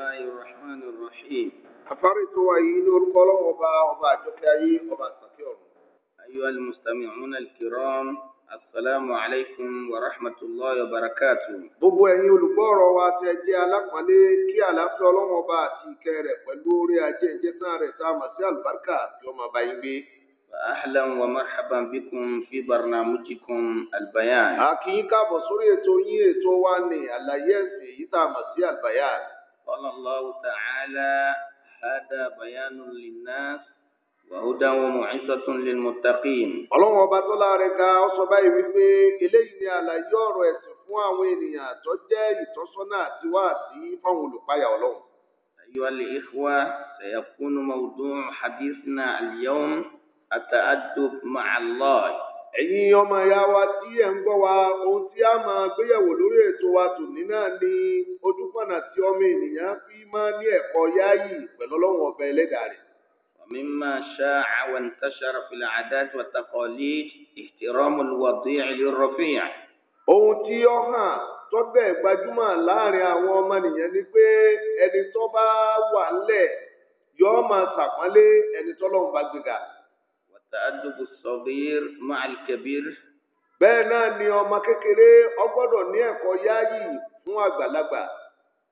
الله الرحمن الرحيم أفرت وين القلوب وبعدك أي وبعدك أيها المستمعون الكرام السلام عليكم ورحمة الله وبركاته gbogbo ẹ̀yin olùgbọ́rọ̀ wa tẹ jẹ́ alápọ̀nlé kí àlàáfíà ọlọ́run ọba àti ìkẹ́ rẹ̀ pẹ̀lú orí ajé ìjẹta rẹ̀ tá a mọ̀ sí àlùbáríkà tí máa bá yín gbé. أهلا ومرحبا بكم في برنامجكم البيان. a kí yín káàbọ̀ sórí ètò yín ètò wa ní àlàyé ẹ̀sìn yìí tá a mọ̀ sí àlùbáyàn. قال الله تعالى هذا بيان للناس وهدى ومعصة للمتقين الله الله ركا وصبعي بيبي إليه على يورو يسفوا ويني توجي توصنا تواتي فانولو قايا الله أيها الإخوة سيكون موضوع حديثنا اليوم التأدب مع الله ẹ̀yin ọmọ ìyá wa tí ẹ̀ ń gbọ́ wa ohun tí a máa gbéyẹ̀wò lórí ètò wa tòní náà ni ojúpọ̀nà tí ọmọ ènìyàn fi máa ní ẹ̀kọ́ yáàyè pẹ̀lú ọlọ́run ọba ẹlẹ́dàá rẹ̀. ومما شاع وانتشر ohun tí ó hàn gbajúmọ̀ láàrin àwọn ni pé ẹni tó bá wà ńlẹ̀ máa ẹni bá gbéga. tàdúgbò sọ̀bìr máàlì kẹbìr. bẹ́ẹ̀ náà ni ọmọ kékeré ó gbọ́dọ̀ ní ẹ̀kọ́ yáàyì fún àgbàlagbà.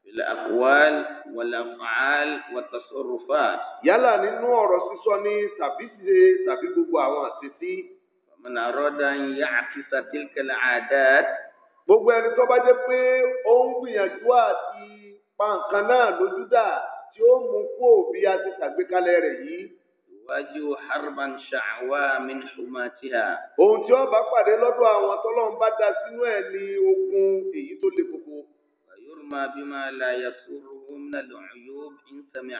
ilẹ̀ àkùwál wàlàfàál wàtàsọ̀rọ̀fà. yálà nínú ọ̀rọ̀ sísọ ní tàbí ṣe tàbí gbogbo àwọn àṣetí. ọmọnà rọ́dà ń yá àkísà tìlkẹ̀lẹ̀ àdáàt. gbogbo ẹni tó bá jẹ́ pé ó ń gbìyànjú àti pa nǹkan náà lójúdà tí ó mú kó bí a ṣàgbékalẹ̀ rẹ̀ yìí wájú harban ṣàwá min humatiha. ohun tí ó bá pàdé lọ́dọ̀ àwọn tọ́lọ́run bá dá sínú ẹ̀ ní ogun èyí tó le koko. yorùbá bí máa la yasuru gómìnà lọ́rùn yóò ń sẹ́mi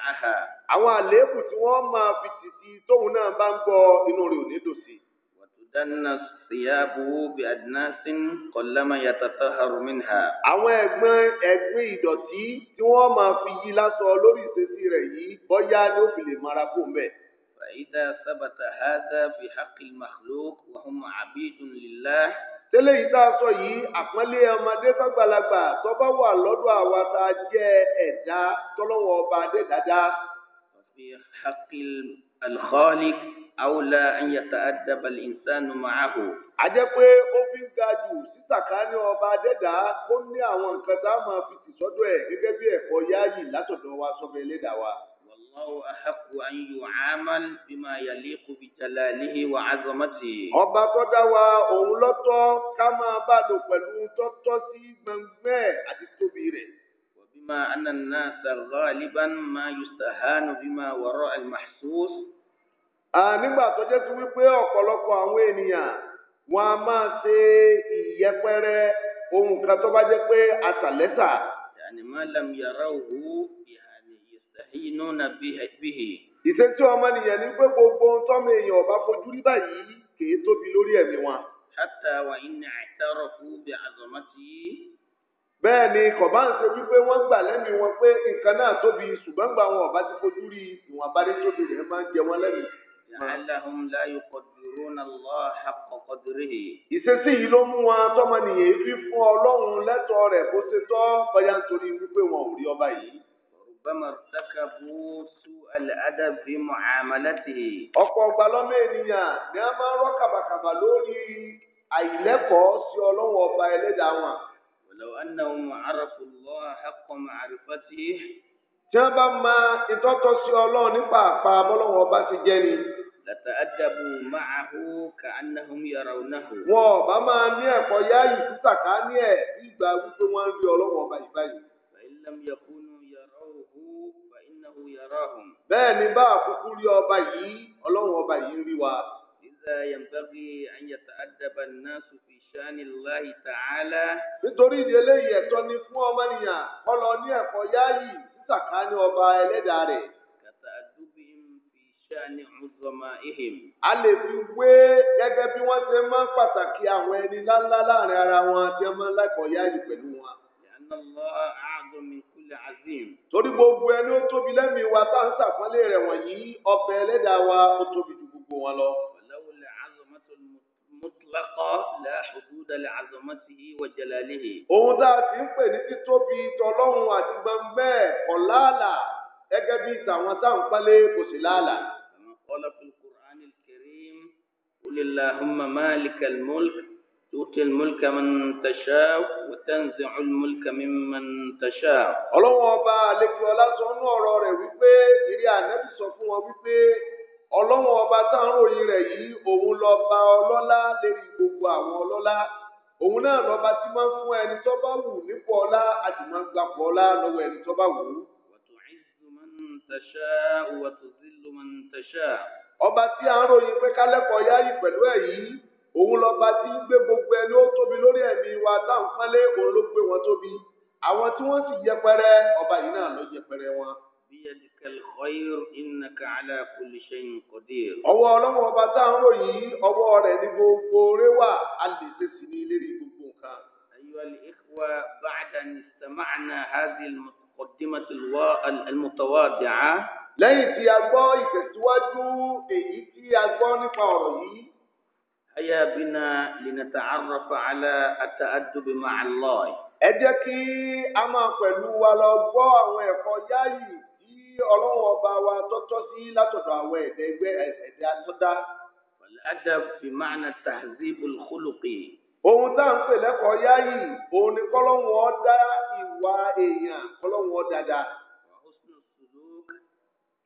àwọn àléébù tí wọ́n máa fi tìtì tóun náà bá ń gbọ́ inú rẹ̀ ò ní dòsí. wàtúndánná síyáàbù bí àdínáṣín kọ̀lámà yàtọ̀tọ̀ haruminha. àwọn ẹ̀gbọ́n ẹ̀gbin ìdọ̀tí tí wọ́n máa fi yí lásọ lórí ìṣesí rẹ̀ yìí bọ́yá ló fi lè mara kó mbẹ́. فإذا ثبت هذا في حق المخلوق وهم عبيد لله tẹ́lẹ̀ yìí tá a sọ yìí àpọ́nlé ọmọdé sọ́gbàlagbà tó bá wà lọ́dọ̀ àwa tá a jẹ́ ẹ̀dá tọ́lọ́wọ́ ọba adé dáadáa. في حق الخالق أولى أن يتأدب الإنسان معه. a jẹ́ pé ó fi ń ga jù sísàkánì ọba adẹ́dá ó ní àwọn nǹkan tá a máa fi tì sọ́dọ̀ ẹ̀ gẹ́gẹ́ bí ẹ̀kọ́ yáàyè látọ̀dọ̀ wa sọ́bẹ̀ wa. الله أحق أن يعامل بما يليق بجلاله وعظمته. ọba tó dá wa òun lọ́tọ́ ká máa bá lò pẹ̀lú tọ́tọ́ sí gbẹ̀ngbẹ́ àti tóbi rẹ̀. وبما أن الناس غالبا ما يستهان بما وراء المحسوس. nígbà tó jẹ́ sí wípé ọ̀pọ̀lọpọ̀ àwọn ènìyàn wọn a máa ṣe ìyẹpẹrẹ ohun kan tó bá jẹ́ pé àtàlẹ́tà. يعني ما لم يروه inú na bihi. ìṣesí ọmọnìyàn ní pé gbogbo ohun tọ́mọ èèyàn ọba fojú rí báyìí kìí tóbi lórí ẹ̀mí wọn. hatta wa in i'tarafu bi azamati. bẹ́ẹ̀ ni kọ̀bá ń ṣe wípé wọ́n gbà lẹ́mí wọn pé nǹkan náà tóbi ṣùgbọ́n gbà wọn ọba ti fojú rí ìwọ̀n abárí tóbi rẹ̀ máa ń jẹ wọn lẹ́mí. la'allahum la yuqaddiruna Allah haqqa qadrihi. ìṣesí yìí ló mú wọn tọmọnìyàn fi fún ọlọ́run lẹ́tọ̀ọ́ rẹ̀ bó ṣe tọ́ bọ́yá nítorí wípé wọn ò rí ọba yìí. ربما ارتكبوا سوء الأدب في معاملته. ọ̀pọ̀ ọgbà lọ́mọ ènìyàn ni a máa ń rọ́ kàbàkàbà lórí àìlẹ́kọ̀ọ́ sí ọlọ́run ọba ẹlẹ́dàá wọn. ولو أنهم عرفوا الله حق معرفته. tí wọ́n bá máa ìtọ́tọ́ sí ọlọ́run nípa àpá ọba ti jẹ́ ni. لتأدبوا معه كأنهم يرونه. wọn ò bá máa ní ẹ̀kọ́ yáàyè títàkà ní ẹ̀ bí ìgbà لم يكون bẹ́ẹ̀ ni bá àkúkú rí ọba yìí ọlọ́run ọba yìí rí wa. ìzà yàtọ̀bí àyàtà àdàbà náà sùfì sani láì tààlà. nítorí ìdí eléyìí ẹ̀tọ́ ni fún ọmọnìyàn ọlọ ní ẹ̀kọ́ yáàyì sísàká ní ọba ẹlẹ́dàá rẹ̀. kàtà àdúgbì ń fi sani ọ̀zọ́mà ihim. a lè fi wé gẹ́gẹ́ bí wọ́n ṣe máa ń pàtàkì àwọn ẹni láńlá láàrin ara wọn tí wọ́n láìpọ̀ yáàyì pẹ̀lú wọn torí gbogbo ẹni ó tóbi lẹ́mìí wa tá à ń ṣàpọ́nlé rẹ̀ wọ̀nyí ọbẹ̀ ẹlẹ́dàá wa ó tóbi ju gbogbo wọn lọ. ohun tá a ti ń pè ní títóbi tọlọ́run àti gbọ̀ngbẹ́ ọ̀làlà gẹ́gẹ́ bí tàwọn tá à ń pálé kò sí làálà. ọlọ́pàá Al-Qur'an Al-Karim, qul Allahumma malikal mulk. تؤتي الملك من تشاء وتنزع الملك ممن تشاء. ọlọ́wọ́n ọba àlejò ọlásánú ọ̀rọ̀ rẹ̀ wípé ìrí ànábì sọ fún wọn wípé ọlọ́wọ́n ọba táwọn òyìn rẹ̀ yìí òun lọ́ba ọlọ́lá lérí gbogbo àwọn ọlọ́lá òun náà lọ́ba tí máa ń fún ẹni tó bá wù nípò ọlá àti máa ń gbapò ọlá lọ́wọ́ ẹni tó bá wù. وتعز من تشاء وتذل من تشاء. ọba tí à ń ròyìn pé kálẹ́kọ̀ọ́ yáyì pẹ̀lú ẹ̀ òun lọba tí ń gbé gbogbo ẹni ó tóbi lórí ẹ̀mí wa táwọn pẹ́lẹ́ òun ló gbé wọn tóbi àwọn tí wọ́n sì yẹpẹrẹ ọba yìí náà ló yẹpẹrẹ wọn. ọwọ́ ọlọ́wọ́ ọba tá à ń ròyìn ọwọ́ rẹ̀ ní gbogbo oore wà á lè ṣe sí ní lérí gbogbo nǹkan. ayyuhal ikhwa ba'da an istama'na hadhihi al-muqaddimati al-mutawadi'a. lẹ́yìn tí a gbọ́ أيا بنا لنتعرف على التأدب مع الله ẹ jẹ́ kí a máa pẹ̀lú wa lọ gbọ́ àwọn ẹ̀kọ́ yáàyè tí ọlọ́run ọba wa tọ́tọ́ sí látọ̀dọ̀ àwọn ẹ̀dẹ́ ẹgbẹ́ ẹ̀dẹ́ àtọ́dá. adab fi ma'na tahzibul khuluqi. ohun tá à ń pè lẹ́kọ̀ọ́ yáàyè òun ni kọ́lọ́hún ọ̀dá ìwà èèyàn kọ́lọ́hún ọ̀dàdà.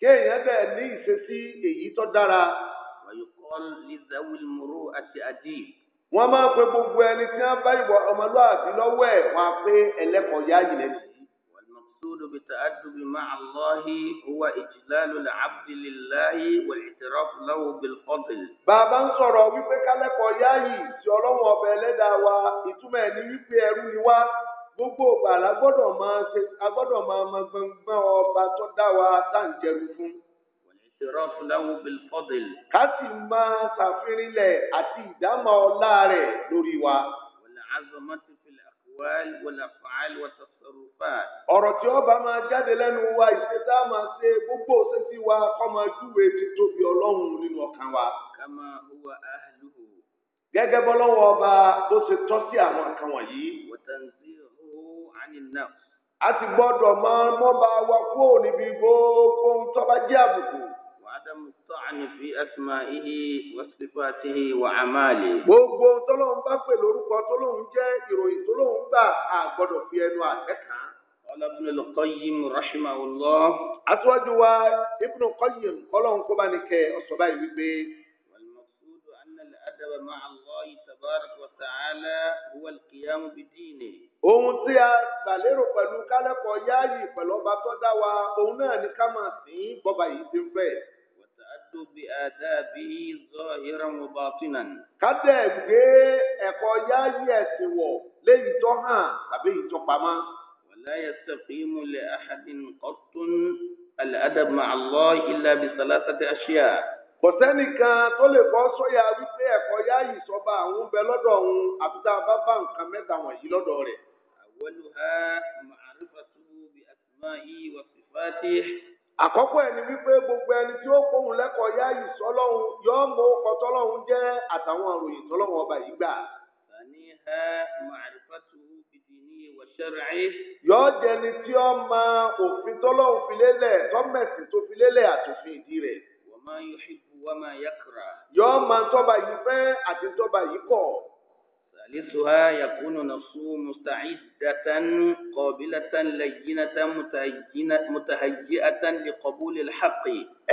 kéèyàn bẹ́ẹ̀ ní ìṣesí èyí tó dára. لذوي المروءة أديب wọ́n máa pe gbogbo ẹni tí wọ́n bá ìwà ọmọlúwàbí lọ́wọ́ ẹ̀ wọ́n á pé ẹlẹ́kọ̀ọ́ yá yìlẹ̀ sí. والمقصود بالتأدب مع الله هو إجلال العبد لله والاعتراف له بالفضل. bàbá ń sọ̀rọ̀ wípé kálẹ́kọ̀ọ́ yá yìí tí ọlọ́run ọba ẹlẹ́dàá wa ìtumọ̀ ẹ̀ ní wípé ẹrú ni wá gbogbo ìgbà la gbọ́dọ̀ máa gbọ́dọ̀ máa ìtìrọ́fù láwù bilfọ́dìl. ká sì máa ṣàfihànlẹ̀ àti ìdámọ̀ ọlá rẹ̀ lórí wa. wàlẹ̀ azọ́mọ́tì fìlẹ̀ àkùwẹ́l wàlẹ̀ fàáìl wàtà sọ̀rọ̀fà. ọ̀rọ̀ tí ó bá máa jáde lẹ́nu wa ìṣẹ́dá máa ṣe gbogbo òṣèṣì wa kọ́ máa júwe títóbi ọlọ́run nínú ọkàn wa. kama huwa ahluhu. gẹ́gẹ́ bọ́lọ́wọ́ ọba bó ṣe tọ́ sí àwọn kan wọ̀nyí. a ti gbọ́dọ̀ máa mọ́ba wa kúrò níbi gbogbo ohun tó bá jẹ́ àbùkù. وعدم الطعن في أسمائه وصفاته وأعماله. gbogbo tọ́lọ́hún bá pè lórúkọ tọ́lọ́hún jẹ́ ìròyìn tọ́lọ́hún gbà á gbọ́dọ̀ fi ẹnu àtẹ́ kàn án. قال ابن القيم رحمه الله. aṣíwájú wa ibn qayyim kọ́lọ́hún kó bá ní kẹ́ ọ̀sọ̀ báyìí wípé. والمقصود أن الأدب مع الله تبارك وتعالى هو القيام بدينه. ohun tí a gbà lérò pẹ̀lú kálẹ́kọ̀ọ́ yáàyè pẹ̀lú ọba tó dá wa òun náà ní ká máa sìn ín bọ́ba yìí ti ń fẹ́. بآدابه ظاهرا وباطنا kádẹ̀ gbé ẹ̀kọ́ yáyí ẹ̀sìn wọ̀ léyìí tó hàn tàbí èyí tó pamọ́. ولا يستقيم لأحد قط الأدب مع الله إلا بثلاثة أشياء. kò sẹ́nìkan tó lè bọ́ sọ́yà wípé ẹ̀kọ́ yáyí sọba àwọn ń bẹ lọ́dọ̀ òun àfi tá a bá bá nǹkan mẹ́ta wọ̀nyí lọ́dọ̀ rẹ̀. أولها معرفته بأسمائه وصفاته àkọ́kọ́ ẹni wípé gbogbo ẹni tí ó kóhun lẹ́kọ̀ọ́ yá yìí sọ́lọ́hun yọ́ mọ ọkọ̀ tọ́lọ́hun jẹ́ àtàwọn àròyìn tọ́lọ́hun ọba yìí gbà. fàníhà màrífàtù ìdìní ìwọ̀ṣẹ́rẹ̀. yọ́ jẹni tí ó ma òfin tọ́lọ́hun fi lélẹ̀ tọ́mẹ̀sì tó fi lélẹ̀ àtòfin ìdí rẹ̀. wọ́n máa ń yọ ṣíkú wọ́n máa yẹ kàrà. yọ́ máa tọ́ba yìí fẹ́ àti tọ́ba yìí kọ̀. ثالثها يكون نفسه مستعدة قابلة لينة متهيئة لقبول الحق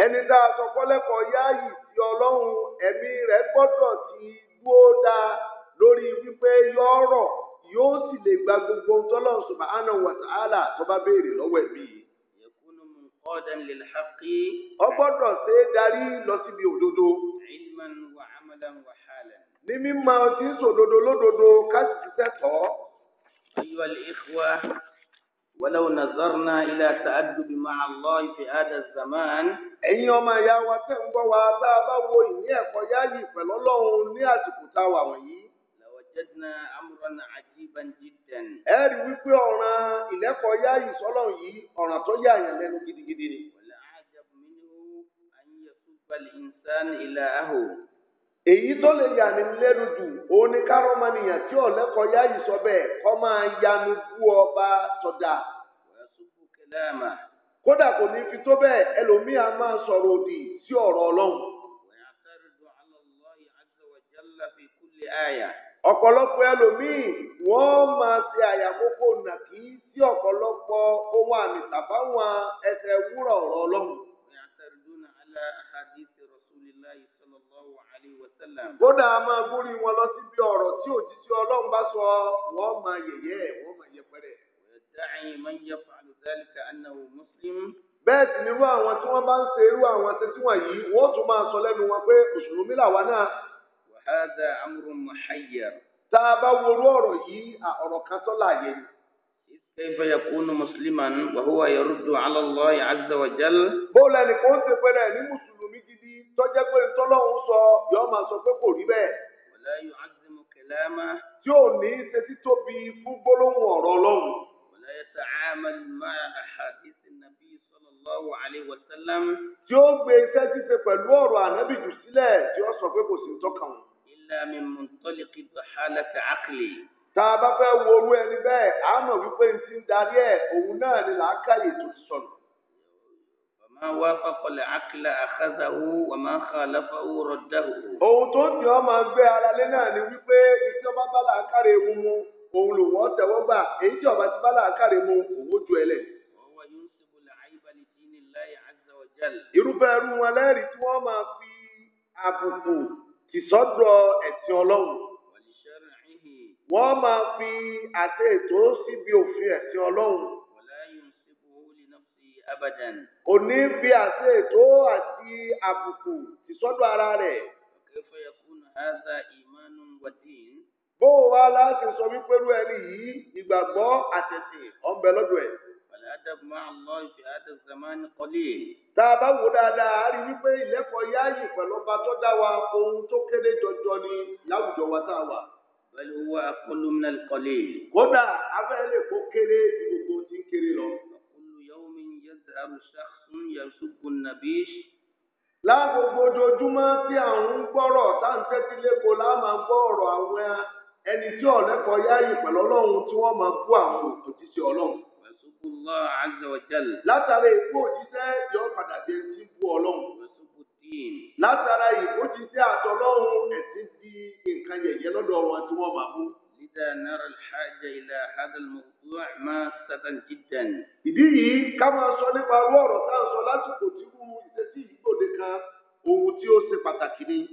ẹni tá a sọ kọ́lẹ́kọ̀ọ́ yá yìí sí ọlọ́run ẹ̀mí rẹ̀ gbọ́dọ̀ ti dúró dáa lórí wípé yóò rọ̀ yóò sì lè gba gbogbo ohun tọ́lọ́ subhanahu wa ta'ala tó bá béèrè lọ́wọ́ ẹ̀mí. yakunu munqadan lil haqqi. ó gbọ́dọ̀ ṣe é darí lọ síbi òdodo. ilman wa amalan wa halan ní mímọ̀ ọtí sòdodo lódodo káàsì ti tẹ̀tọ́. أيها الإخوة ولو نظرنا إلى تأدب مع الله في هذا الزمان ẹ̀yin ọmọ ìyá wa tẹ́ ń gbọ́ wa tá a bá wo ìní ẹ̀kọ́ yáyì pẹ̀lú ọlọ́run ní àsìkò tá a wà wọ̀nyí. lawajadna amran ajiban jiddan. ẹ rí i wípé ọ̀ràn ìlẹ́kọ̀ọ́ yáyì sọ́lọ̀ yìí ọ̀ràn tó yà yàn lẹ́nu gidigidi ni. wala ajab minhu an yasubba al-insan ilaahu. èyí tó lè yà ní lẹ́nu jù òun ni kárọ́mọnìyàn tí ọ̀lẹ́kọ̀ọ́ yá yìí sọ bẹ́ẹ̀ kọ́ máa yanu bú ọba tọ̀dà. kódà kò ní fi tó bẹ́ẹ̀ ẹlòmíì á máa sọ̀rọ̀ òdì sí ọ̀rọ̀ ọlọ́run. ọ̀pọ̀lọpọ̀ ẹlòmíì wọ́n máa ṣe àyàkókò nàkí sí ọ̀pọ̀lọpọ̀ ohun àmì ọ̀rọ̀ ọlọ́run. kódà a máa gúnrí wọn lọ síbi ọ̀rọ̀ tí òjíṣẹ́ ọlọ́run bá sọ wọ́n máa yẹ̀yẹ́ ẹ̀ wọ́n máa yẹpẹrẹ. bẹ́ẹ̀ sì nírú àwọn tí wọ́n bá ń ṣe irú àwọn tẹ́tí wọ̀nyí wọ́n tún máa sọ lẹ́nu wọn pé mùsùlùmí làwa náà. wàhálà amúrún muhayyar. tá a bá worú ọ̀rọ̀ yìí ọ̀rọ̀ kan tó láàyè ni. كيف يكون مسلما وهو يرد mùsùlùmí gidi tọ́jẹ́ pé tọ́lọ́hún sọ yọ́ọ́ máa sọ pé kò rí bẹ́ẹ̀. wala yu'azzimu kalama. tí ò ní ṣe títóbi fún gbólóhùn ọ̀rọ̀ ọlọ́run. wala yata'amal ma'a ahadith an-nabi sallallahu alayhi wa sallam. tí ó gbé iṣẹ́ ṣíṣe pẹ̀lú ọ̀rọ̀ ànábì jù sílẹ̀ tí ó sọ pé kò sí tọ́ka wọn. illa min muntaliqi halati aqli tá a bá fẹ́ wo orú ẹni bẹ́ẹ̀ àmọ̀ wípé n ti darí ẹ̀ òun náà ni làákàyè tó ti sọnù ma wafaqa al-aqla akhadhahu wa ma khalafahu raddahu. ohun tó ń jẹ́ ọ́ máa gbé ara lé náà ni wípé iṣẹ́ ọba bá làákàrè mu mu òun lò wọ́n tẹ̀wọ́ gbà èyí tí ọba ti bá làákàrè mu òun ju ẹlẹ̀. irúfẹ́ irú wọn lẹ́rìí tí wọ́n máa fi àbùkù tìsọ́dọ̀ ẹ̀sìn ọlọ́run wọ́n máa fi àti ètò síbi òfin ẹ̀sìn ọlọ́run kò ní fi àṣẹ ètò àti àbùkù ìsọdọ̀ ara rẹ̀. bó o wá láti sọ wípé irú ẹni yìí ìgbàgbọ́ àtẹ̀sìn ọ̀nbẹ lọ́dọ̀ ẹ̀. Tá a bá wò dáadáa, a rí wípé ìlẹ́kọ̀ọ́ yáàyè pẹ̀lú ọba tó dá wa ohun tó kéré jọjọ ni láwùjọ wa tá a wà. Pẹ̀lú wa kọ́lómìnà kọ́lé. Kódà, afẹ́ lè kó kéré ju gbogbo tí ń kéré lọ yas'alu shakhsun yasubbu nabish. lágbogbo ojoojúmọ́ tí à ń gbọ́rọ̀ tá à ń tẹ́tí lépo láà máa gbọ́ ọ̀rọ̀ àwọn ẹni tí ọ̀lẹ́kọ̀ọ́ yáyì pẹ̀lú ọlọ́run tí wọ́n máa bú àwọn òjíṣẹ́ ọlọ́run. yasubbu Allah azza wa jalla. látara èkó òjíṣẹ́ yọ padà dé sí bú ọlọ́run. yasubbu din. látara ìkójíṣẹ́ àtọlọ́run ẹ̀sìn di nǹkan yẹ̀yẹ́ lọ́dọ̀ wọn tí wọ́n máa bú. إذا نرى الحاجة إلى هذا الموضوع ما ماسة جدا. إذا كما سؤال بارور تان سؤال سكوتيو مجلسي كودكا ووتيو سباتاكيني.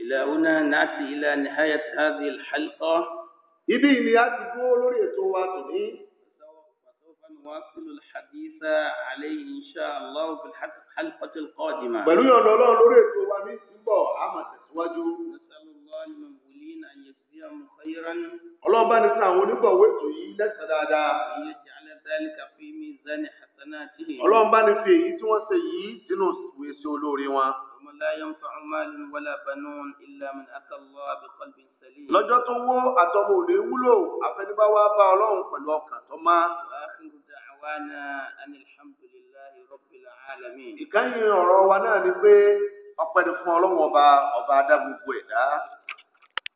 إلى هنا نأتي إلى نهاية هذه الحلقة. إذا نأتي بولوري تواتني. واصل الحديث عليه ان شاء الله في الحلقه القادمه بل يا لولا لوري تو با مي سيمبو اما تسواجو ọlọ́ọ̀bá ní fún àwọn onígbọ̀wé ètò yìí lẹ́sẹ̀ dáadáa. ọlọ́ọ̀bá ní fi èyí tí wọ́n ṣe yìí sínú ìwé sí olóore wọn. lọ́jọ́ tó wó àtọmọ ò lè wúlò àfẹnibá wa bá ọlọ́run pẹ̀lú ọkàn tó má. ìkànnì ọ̀rọ̀ wa náà ni pé ọpẹ́ ni fún ọlọ́run ọba ọba adá gbogbo ẹ̀dá.